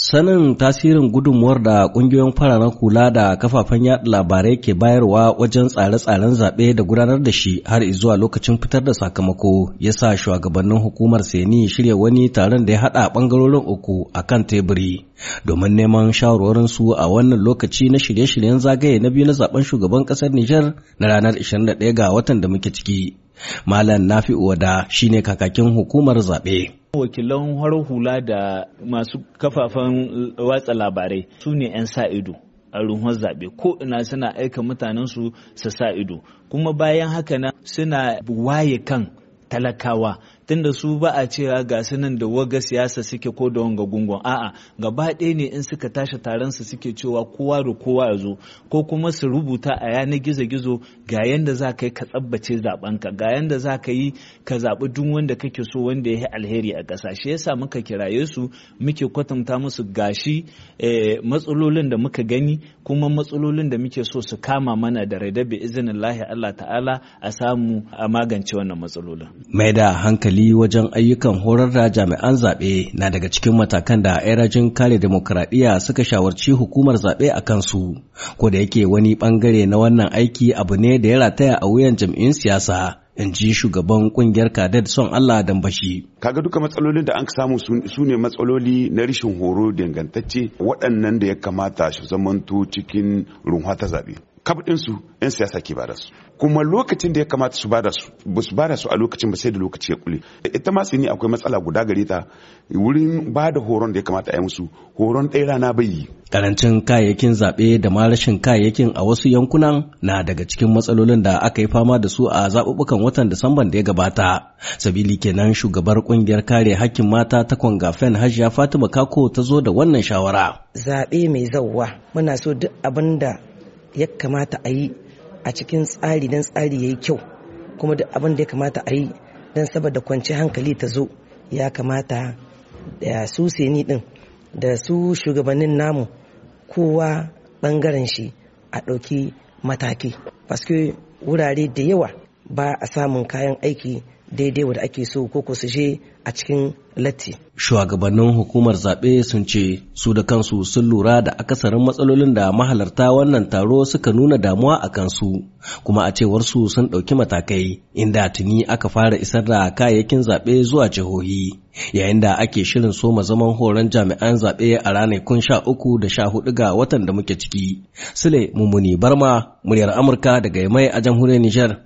Sanin tasirin gudunmuwar da ƙungiyoyin fararen kula da kafafen yaɗa labarai ke bayarwa wajen tsare-tsaren zaɓe da gudanar da shi har zuwa lokacin fitar da sakamako ya sa shugabannin hukumar Seni shirya wani taron da ya haɗa ɓangarorin uku a kan teburi domin neman su a wannan lokaci na shirye-shiryen zagaye na biyu na zaben shugaban ƙasar Nijar na ranar 21 ga watan da muke ciki. Malam Nafi'u Wada shine kakakin hukumar zaɓe. wakilan har hula da masu kafafen watsa labarai su ne 'yan sa ido a ruhun zaɓe ko ina suna aika mutanensu su sa ido kuma bayan haka na suna waye kan talakawa tunda su ba a cewa ga su nan da waga siyasa suke ko da wanga gungun a'a gaba ɗaya ne in suka tashi taron su suke cewa kowa da kowa ya zo ko kuma su rubuta a yanar gizo-gizo ga yanda za ka yi ka tsabbace zaɓenka ga yanda za ka yi ka zaɓi duk wanda kake so wanda ya yi alheri a ƙasa shi yasa muka kiraye su muke kwatanta musu gashi eh, matsalolin da muka gani kuma matsalolin da muke so su kama mana da raidabi izinin izinin Allah ta'ala a samu a magance wannan matsalolin. Mai da hankali hankali wajen ayyukan horar da jami'an zaɓe na daga cikin matakan da 'yan kare demokradiyya suka shawarci hukumar zaɓe a kansu, ko da yake wani ɓangare na wannan aiki abu ne da ya rataya a wuyan jam'in siyasa. in ji shugaban kungiyar kadad son Allah dambashi. Kaga duka matsalolin da an samu su ne matsaloli na rashin horo dangantacce waɗannan da ya kamata su zamanto cikin runwa ta zaɓe. kaf su 'yan siyasa ke da su kuma lokacin da ya kamata su ba da su ba su da su a lokacin ba sai da lokaci ya kule ita ma ne akwai matsala guda gare ta wurin ba da horon da ya kamata a yi musu horon ɗaya rana bai yi karancin kayayyakin zaɓe da ma rashin kayayyakin a wasu yankunan na daga cikin matsalolin da aka yi fama da su a zaɓuɓɓukan watan disamban da ya gabata sabili kenan shugabar ƙungiyar kare hakkin mata ta kwangafen hajiya fatima kako ta zo da wannan shawara zaɓe mai zauwa muna so duk abin da ya kamata a yi a cikin tsari don tsari ya yi kyau kuma da abin da ya kamata a yi don saboda kwanci hankali ta zo ya kamata da su seni din da su shugabannin namu kowa bangaren shi a ɗauki mataki. Paske wurare da yawa ba a samun kayan aiki daidai wadda ake so ko su je a cikin latti. Shugabannin hukumar zaɓe sun ce su da kansu sun lura da akasarin matsalolin da mahalarta wannan taro suka nuna damuwa a kansu kuma a cewar su sun ɗauki matakai inda tuni aka fara isar da kayayyakin zaɓe zuwa jihohi yayin da ake shirin soma zaman horon jami'an zaɓe a ranakun sha uku da sha hudu ga watan da muke ciki. Sule Mummuni Barma, muryar Amurka daga Yamai a jamhuriyar Nijar.